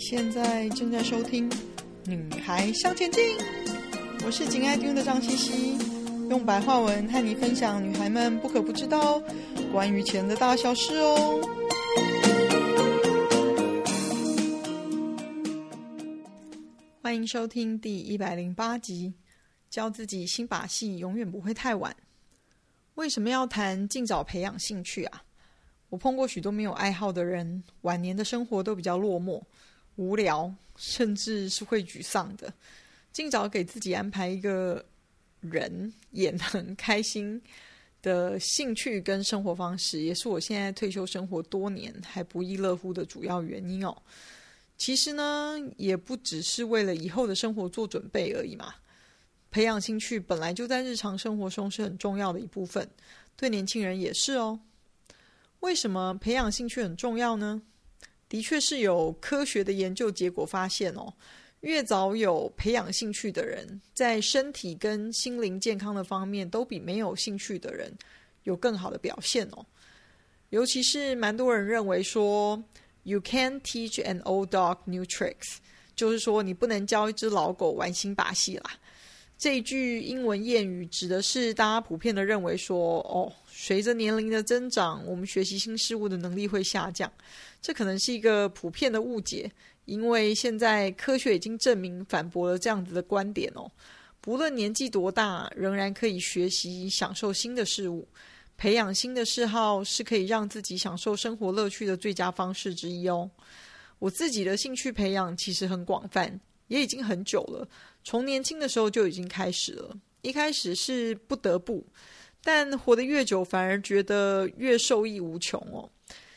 現在正在收聽《女孩向錢進》，我是景愛聽的張茜茜，用白話文和你分享女孩們不可不知道關於錢的大小事哦。歡迎收聽第一百零八集，教自己新把戲永遠不會太晚。為什麼要談儘早培養興趣啊？我碰過許多沒有愛好的人，晚年的生活都比較落寞。無聊，甚至是會沮喪的。盡早給自己安排一個人也能開心的興趣跟生活方式，也是我現在退休生活多年還不亦樂乎的主要原因哦。其實呢，也不只是為了以後的生活做準備而已嘛。培養興趣本來就在日常生活中是很重要的一部分，對年輕人也是哦。為什麼培養興趣很重要呢？的確是有科學的研究結果發現哦，越早有培養興趣的人，在身體跟心靈健康的方面，都比沒有興趣的人有更好的表現哦。尤其是蠻多人認為說，You can't teach an old dog new tricks，就是說你不能教一只老狗玩新把戲啦。這一句英文諺語指的是大家普遍地認為說，哦，隨着年齡的增長，我們學習新事物的能力會下降。這可能是一個普遍的誤解，因為現在科學已經證明反駁了這樣子的觀點哦。不論年紀多大，仍然可以學習、享受新的事物，培養新的嗜好，是可以讓自己享受生活樂趣的最佳方式之一哦。我自己的興趣培養其實很廣泛。也已經很久了，從年輕的時候就已經開始了。一開始是不得不，但活得越久，反而覺得越受益無窮哦。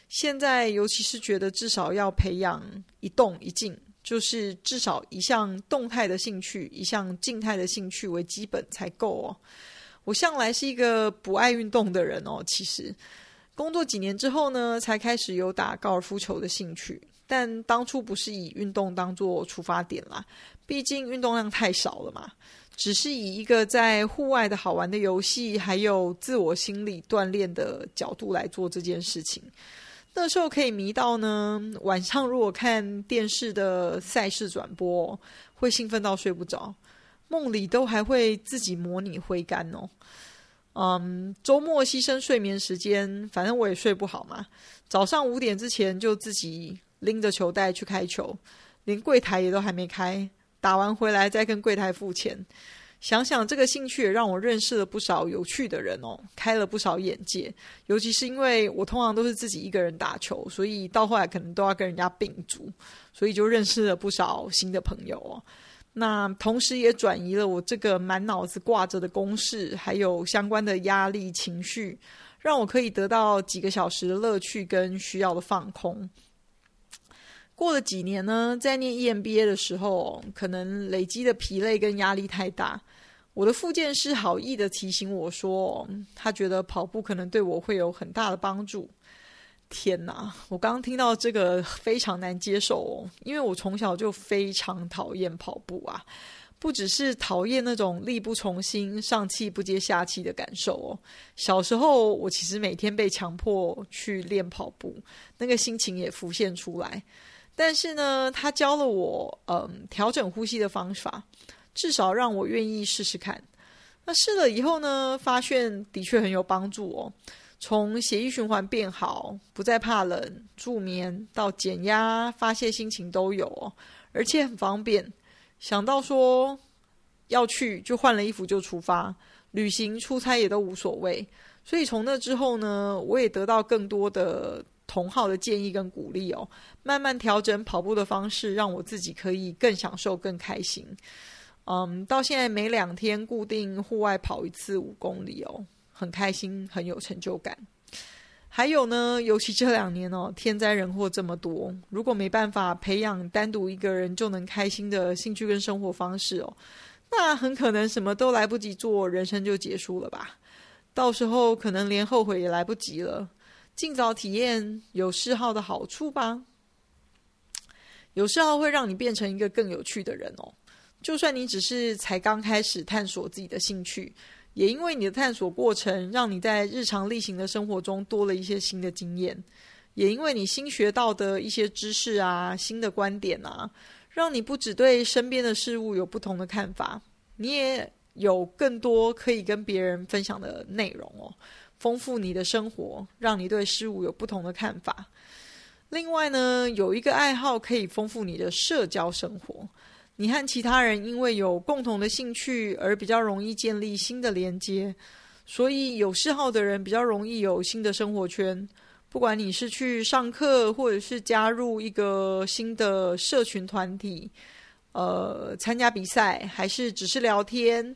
現在尤其是覺得至少要培養一動一靜，就是至少一項動態的興趣，一項靜態的興趣為基本才夠哦。我向來是一個不愛運動的人哦，其實工作幾年之後呢，才開始有打高爾夫球的興趣。但當初不是以運動當做出發點啦，畢竟運動量太少了嘛，只是以一個在戶外的好玩的遊戲，還有自我心理鍛鍊的角度來做這件事情。那時候可以迷到呢，晚上如果看電視的賽事轉播，會興奮到睡不着，夢裡都還會自己模擬揮桿哦。嗯，週末犧牲睡眠時間，反正我也睡不好嘛，早上五點之前就自己。拎着球袋去開球，連櫃檯也都還沒開。打完回來再跟櫃檯付錢。想想這個興趣也讓我認識了不少有趣的人哦，開了不少眼界。尤其是因為我通常都是自己一個人打球，所以到後來可能都要跟人家併組，所以就認識了不少新的朋友哦。那同時也轉移了我這個滿腦子掛着的公事，還有相關的壓力情緒，讓我可以得到幾個小時的樂趣跟需要的放空。過了幾年呢，在念 EMBA 的時候，可能累積的疲累跟壓力太大。我的復健師好意的提醒我說，他覺得跑步可能對我會有很大的幫助。天哪，我剛剛聽到這個非常難接受哦，因為我從小就非常討厭跑步啊，不只是討厭那種力不從心、上氣不接下氣的感受哦。小時候我其實每天被強迫去練跑步，那個心情也浮現出來。但是呢，他教了我，嗯，調整呼吸的方法，至少讓我願意試試看。那試了以後呢，發現的確很有幫助哦。從血液循環變好，不再怕冷、助眠到減壓、發洩心情都有哦，而且很方便。想到說要去，就換了衣服就出發，旅行、出差也都無所謂。所以從那之後呢，我也得到更多的。同好的建議跟鼓勵哦，慢慢調整跑步的方式，讓我自己可以更享受、更開心。嗯，到現在每兩天固定戶外跑一次五公里哦，很開心，很有成就感。還有呢，尤其這兩年哦，天災人禍這麼多，如果沒辦法培養單獨一個人就能開心的興趣跟生活方式哦，那很可能什麼都來不及做，人生就結束了吧？到時候可能連後悔也來不及了。儘早體驗有嗜好的好處吧。有嗜好會讓你變成一個更有趣的人哦。就算你只是才剛開始探索自己的興趣，也因為你的探索過程，讓你在日常例行的生活中多了一些新的經驗。也因為你新學到的一些知識啊、新的觀點啊，讓你不只對身邊的事物有不同的看法，你也有更多可以跟別人分享的內容哦。豐富你的生活，讓你對事物有不同的看法。另外呢，有一個愛好可以豐富你的社交生活。你和其他人因為有共同的興趣而比較容易建立新的連接，所以有嗜好的人比較容易有新的生活圈。不管你是去上課，或者是加入一個新的社群團體，呃，參加比賽，還是只是聊天，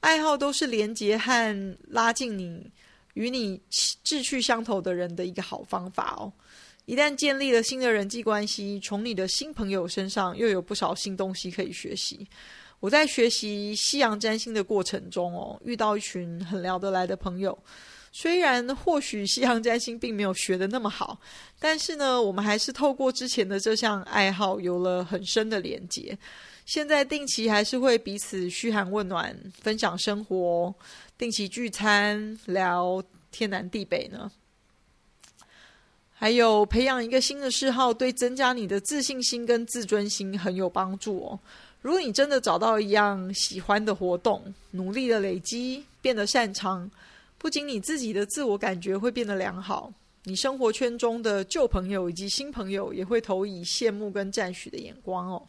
愛好都是連接和拉近你。與你志趣相投的人的一個好方法哦。一旦建立了新的人際關係，從你的新朋友身上又有不少新東西可以學習。我在學習西洋占星的過程中哦，遇到一群很聊得來的朋友。雖然或許西洋占星並沒有學得那麼好，但是呢，我們還是透過之前的這項愛好有了很深的連結。現在定期還是會彼此噓寒問暖，分享生活，定期聚餐，聊天南地北呢。還有培養一個新的嗜好，對增加你的自信心跟自尊心很有幫助哦。如果你真的找到一樣喜歡的活動，努力的累積，變得擅長，不僅你自己的自我感覺會變得良好，你生活圈中的舊朋友以及新朋友也會投以羨慕跟讚許的眼光哦。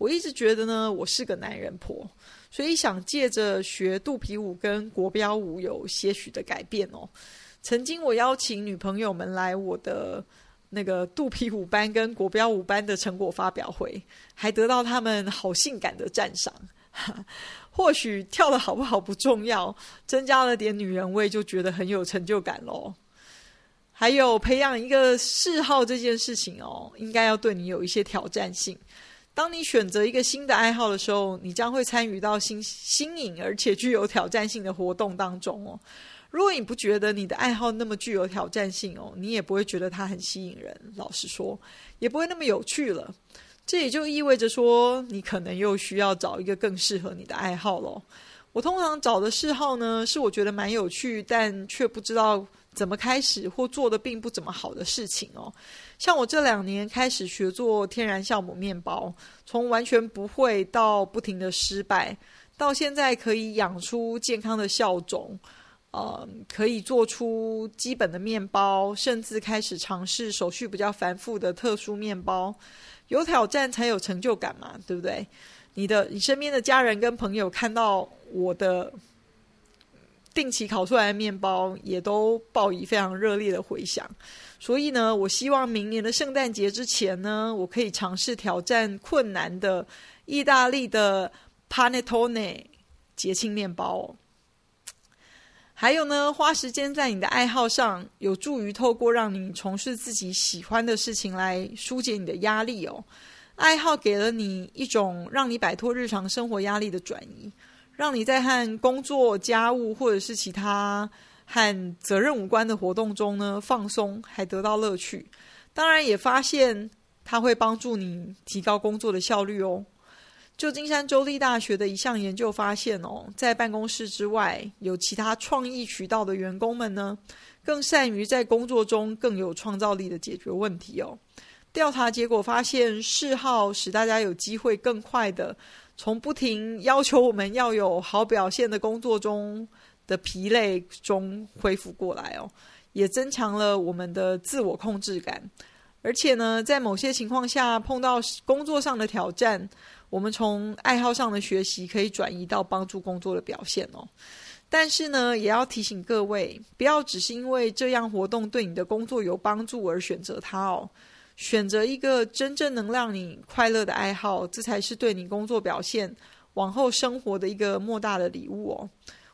我一直覺得呢，我是個男人婆，所以想借着學肚皮舞跟國標舞有些許的改變哦。曾經我邀請女朋友們來我的那個肚皮舞班跟國標舞班的成果發表會，還得到他們好性感的讚賞。哈，或許跳得好不好不重要，增加了點女人味就覺得很有成就感嘍。還有培養一個嗜好這件事情哦，應該要對你有一些挑戰性。當你選擇一個新的愛好的時候，你將會參與到新新穎而且具有挑戰性的活動當中哦。如果你不覺得你的愛好那麼具有挑戰性哦，你也不會覺得它很吸引人。老實說，也不會那麼有趣了。這也就意味着說，你可能又需要找一個更適合你的愛好咯。我通常找的嗜好呢，是我覺得蠻有趣，但卻不知道。怎麼開始或做的並不怎麼好的事情哦。像我這兩年開始學做天然酵母麵包，從完全不會到不停的失敗，到現在可以養出健康的酵種，嗯，可以做出基本的麵包，甚至開始嘗試手續比較繁複的特殊麵包。有挑戰才有成就感嘛，對不對？你的你身邊的家人跟朋友看到我的定期烤出來的麵包也都報以非常熱烈的迴響，所以呢，我希望明年的聖誕節之前呢，我可以嘗試挑戰困難的意大利的 panettone 節慶麵包哦。還有呢，花時間在你的愛好上，有助於透過讓你從事自己喜歡的事情來紓解你的壓力哦。愛好給了你一種讓你擺脫日常生活壓力的轉移。讓你在和工作、家務或者是其他和責任無關的活動中呢，放鬆，還得到樂趣。當然，也發現它會幫助你提高工作的效率哦。舊金山州立大學的一項研究發現哦，在辦公室之外有其他創意渠道的員工們呢，更善於在工作中更有創造力的解決問題哦。調查結果發現，嗜好使大家有機會更快的。從不停要求我們要有好表現的工作中的疲累中恢復過來哦，也增強了我們的自我控制感。而且呢，在某些情況下碰到工作上的挑戰，我們從愛好上的學習可以轉移到幫助工作的表現哦。但是呢，也要提醒各位，不要只是因為這樣活動對你的工作有幫助而選擇它哦。選擇一個真正能讓你快樂的愛好，這才是對你工作表現、往後生活的一個莫大的禮物哦。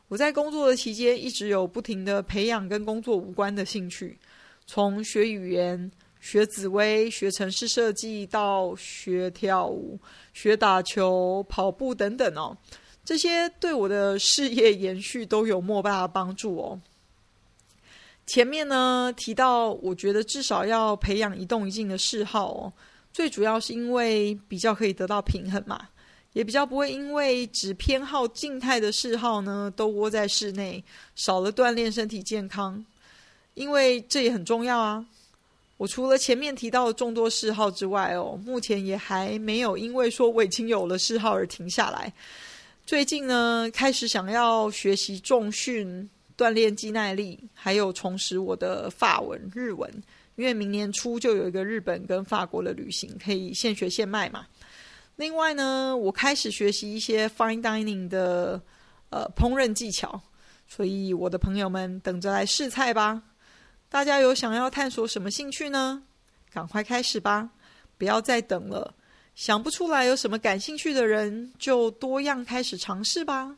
我在工作的期間，一直有不停的培養跟工作無關的興趣，從學語言、學紫微、學城市設計，到學跳舞、學打球、跑步等等哦。這些對我的事業延續都有莫大的幫助哦。前面呢提到，我覺得至少要培養一動一靜的嗜好哦，最主要是因為比較可以得到平衡嘛，也比較不會因為只偏好靜態的嗜好呢，都窩在室內，少了鍛鍊，身體健康，因為這也很重要啊。我除了前面提到的眾多嗜好之外哦，目前也還沒有因為說我已經有了嗜好而停下來。最近呢，開始想要學習重訓。鍛鍊肌耐力，還有重拾我的法文、日文，因為明年初就有一個日本跟法國的旅行，可以現學現賣嘛。另外呢，我開始學習一些 fine dining 的呃烹飪技巧，所以我的朋友們等着來試菜吧。大家有想要探索什麼興趣呢？趕快開始吧，不要再等了。想不出來有什麼感興趣的人，就多樣開始嘗試吧。